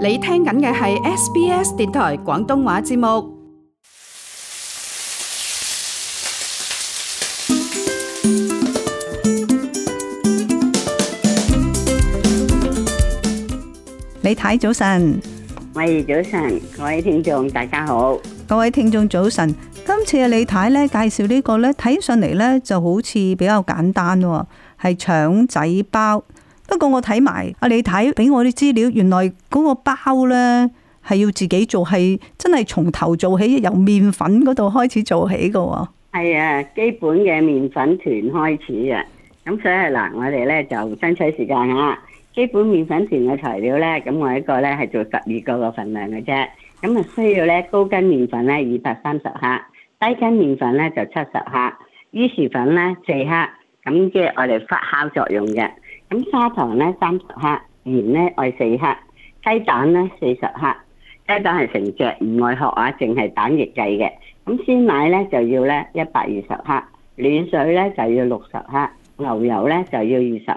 你聽緊嘅係 SBS 電台廣東話節目。李太早晨，喂，早晨，各位聽眾大家好，各位聽眾早晨。今次啊李太咧介紹呢個咧，睇上嚟咧就好似比較簡單喎，係腸仔包。不過我睇埋啊，你睇俾我啲資料，原來嗰個包呢係要自己做，係真係從頭做起，由麵粉嗰度開始做起噶。係啊，基本嘅麵粉糰開始啊。咁所以嗱，我哋呢就爭取時間啦。基本麵粉糰嘅材料呢，咁我一個呢係做十二個個份量嘅啫。咁啊，需要呢高筋麵粉呢二百三十克，低筋麵粉呢就七十克，於薯粉呢四克。咁即係我哋發酵作用嘅。咁砂糖咧三十克，鹽咧愛四克，雞蛋咧四十克，雞蛋係成隻唔愛殼啊，淨係蛋液計嘅。咁鮮奶咧就要咧一百二十克，暖水咧就要六十克，牛油咧就要二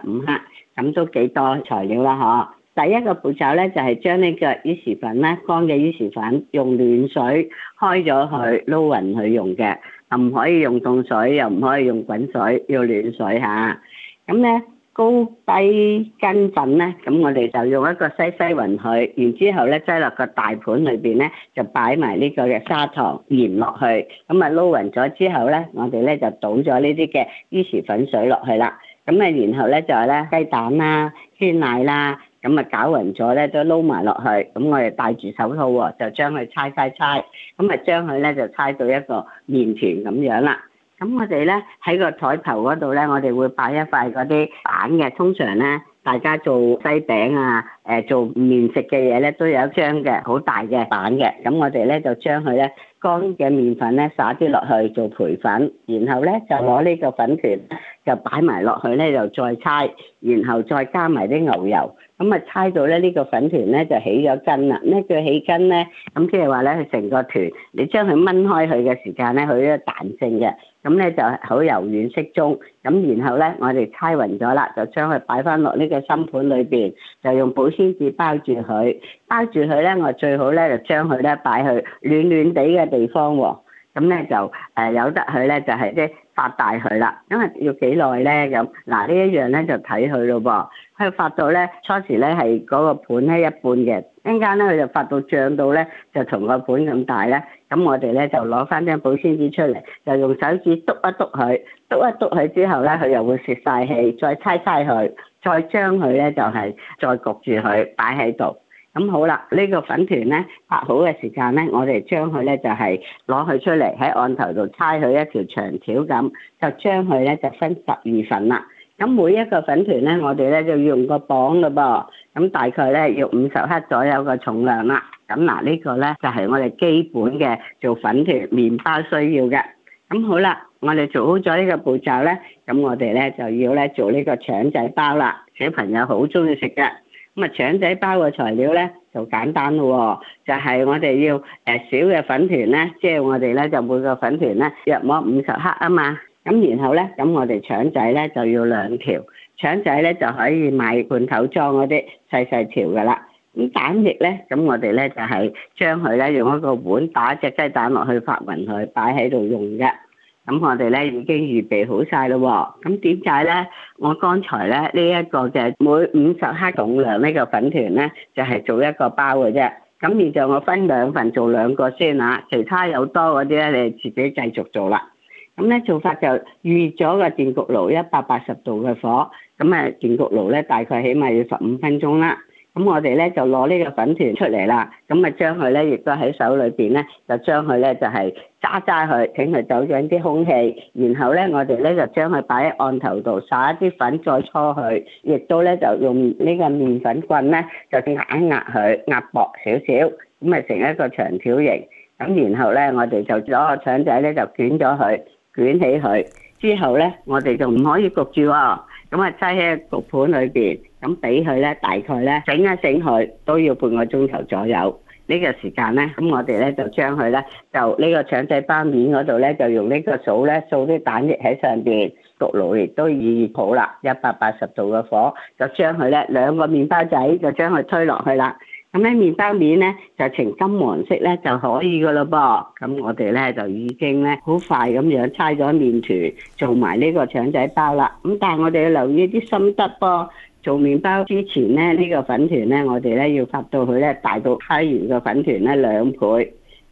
十五克，咁都幾多材料啦嗬。第一個步驟咧就係將呢個魚薯粉咧，乾嘅魚薯粉用暖水開咗佢撈匀去用嘅，唔可以用凍水，又唔可以用滾水，要暖水吓。咁咧。高低筋粉咧，咁我哋就用一個西西匀佢，然之後咧，擠落個大盤裏邊咧，就擺埋呢個嘅砂糖鹽落去，咁啊撈匀咗之後咧，我哋咧就倒咗呢啲嘅依士粉水落去啦，咁啊然後咧就係咧雞蛋啦、啊、鮮奶啦、啊，咁啊攪匀咗咧都撈埋落去，咁我哋戴住手套喎，就將佢搓搓搓，咁啊將佢咧就搓到一個麵團咁樣啦。咁我哋咧喺個枱頭嗰度咧，我哋會擺一塊嗰啲板嘅。通常咧，大家做西餅啊，誒、呃、做麵食嘅嘢咧，都有一張嘅好大嘅板嘅。咁我哋咧就將佢咧乾嘅麵粉咧撒啲落去做培粉，然後咧就攞呢個粉團就擺埋落去咧，就再搓，然後再加埋啲牛油。咁啊，就猜到咧呢、這個粉團咧就起咗筋啦。咧、那、佢、個、起筋咧，咁即係話咧，佢成個團，你將佢掹開佢嘅時間咧，佢咧彈性嘅，咁咧就好柔軟適中。咁然後咧，我哋猜匀咗啦，就將佢擺翻落呢個心盤裏邊，就用保鮮紙包住佢，包住佢咧，我最好咧就將佢咧擺去暖暖地嘅地方喎、哦。咁咧就誒由、呃、得佢咧，就係、是、咧發大佢啦。因為要幾耐咧咁，嗱呢一樣咧就睇佢咯噃。佢發到咧，初時咧係嗰個盤咧一半嘅，一間咧佢就發到漲到咧，就同個盤咁大咧。咁我哋咧就攞翻張保鮮紙出嚟，就用手指篤一篤佢，篤一篤佢之後咧，佢又會泄晒氣，再猜猜佢，再將佢咧就係再焗住佢擺喺度。咁好啦，呢個粉團咧發好嘅時間咧，我哋將佢咧就係攞佢出嚟喺案頭度猜佢一條長條咁，就將佢咧就分十二份啦。咁每一個粉團咧，我哋咧就要用個磅嘅噃，咁大概咧要五十克左右嘅重量啦。咁嗱，這個、呢個咧就係、是、我哋基本嘅做粉團麵包需要嘅。咁好啦，我哋做好咗呢個步驟咧，咁我哋咧就要咧做呢個腸仔包啦。小朋友好中意食嘅。咁啊，腸仔包嘅材料咧就簡單咯、哦，就係、是、我哋要誒、呃、小嘅粉團咧，即、就、係、是、我哋咧就每個粉團咧約摸五十克啊嘛。咁然後咧，咁我哋腸仔咧就要兩條，腸仔咧就可以買罐頭裝嗰啲細細條噶啦。咁蛋液咧，咁我哋咧就係將佢咧用一個碗打一隻雞蛋落去發勻佢，擺喺度用嘅。咁我哋咧已經預備好曬咯。咁點解咧？我剛才咧呢一個就係每五十克重量呢個粉團咧，就係做一個包嘅啫。咁現在我分兩份做兩個先嚇，其他有多嗰啲咧，你哋自己繼續做啦。咁咧做法就預咗個電焗爐一百八十度嘅火，咁啊電焗爐咧大概起碼要十五分鐘啦。咁我哋咧就攞呢個粉團出嚟啦，咁啊將佢咧亦都喺手裏邊咧，就將佢咧就係揸揸佢，請佢走上啲空氣，然後咧我哋咧就將佢擺喺案頭度，撒一啲粉，再搓佢，亦都咧就用呢個麵粉棍咧，就壓一壓佢，壓薄少少，咁啊成一個長條形，咁然後咧我哋就攞個腸仔咧就捲咗佢。捲起佢之後呢，我哋就唔可以焗住喎，咁啊擠喺焗盤裏邊，咁俾佢呢，大概呢整一整佢都要半個鐘頭左右。呢、呢個時間呢，咁我哋呢就將佢呢，就呢就個腸仔包面嗰度呢，就用呢個掃呢掃啲蛋液喺上邊，焗爐亦都預熱好啦，一百八十度嘅火，就將佢呢兩個麵包仔就將佢推落去啦。咁咧，麵包面生面咧就呈金黃色咧就可以噶咯噃。咁我哋咧就已經咧好快咁樣拆咗麵團做埋呢個腸仔包啦。咁但係我哋要留意啲心得噃，做麵包之前咧呢、呢個粉團咧，我哋咧要發到佢咧大到開完個粉團咧兩倍，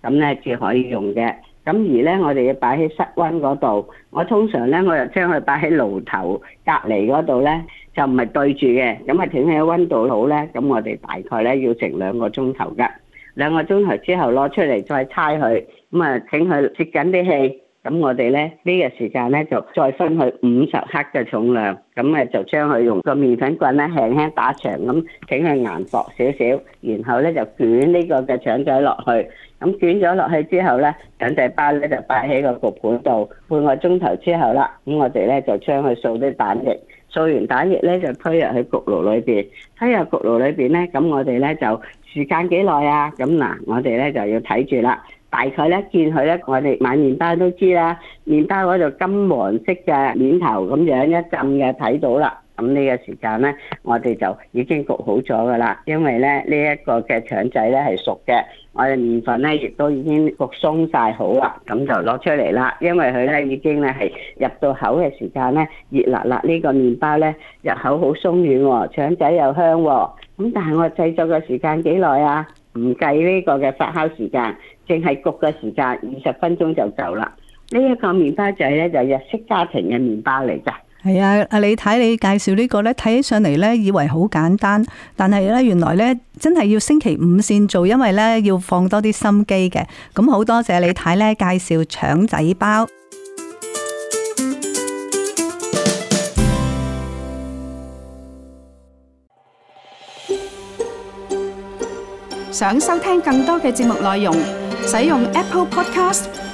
咁咧至可以用嘅。咁而咧我哋要擺喺室溫嗰度，我通常咧我又將佢擺喺爐頭隔離嗰度咧。就唔係對住嘅，咁係整起個温度好咧，咁我哋大概咧要成兩個鐘頭嘅，兩個鐘頭之後攞出嚟再搓佢，咁啊整佢接緊啲氣，咁我哋咧呢個時間咧就再分佢五十克嘅重量，咁啊就將佢用個麵粉棍咧輕輕打長咁，整佢硬薄少少，然後咧就捲呢個嘅腸仔落去，咁捲咗落去之後咧，腸仔包咧就擺喺個焗盤度，半個鐘頭之後啦，咁我哋咧就將佢掃啲蛋液。做完蛋液咧，就推入去焗爐裏邊。推入焗爐裏邊咧，咁我哋咧就時間幾耐啊？咁嗱，我哋咧就要睇住啦。大概咧見佢咧，我哋買麵包都知啦，麵包嗰度金黃色嘅麵頭咁樣一浸嘅睇到啦。咁呢個時間呢，我哋就已經焗好咗㗎啦。因為呢呢一個嘅腸仔呢係熟嘅，我哋麵粉呢亦都已經焗鬆晒好啦。咁就攞出嚟啦。因為佢呢已經呢係入到口嘅時間呢，熱辣辣，呢個麵包呢，入口好鬆軟喎、哦，腸仔又香喎、哦。咁但係我製作嘅時間幾耐啊？唔計呢個嘅發酵時間，淨係焗嘅時間二十分鐘就夠啦。呢一個麵包仔呢，就日式家庭嘅麵包嚟㗎。係啊，阿李太，你介紹呢個呢，睇起上嚟呢，以為好簡單，但係呢，原來呢，真係要星期五先做，因為呢，要放多啲心機嘅。咁好多謝李太呢，介紹腸仔包。想收聽更多嘅節目內容，使用 Apple Podcast。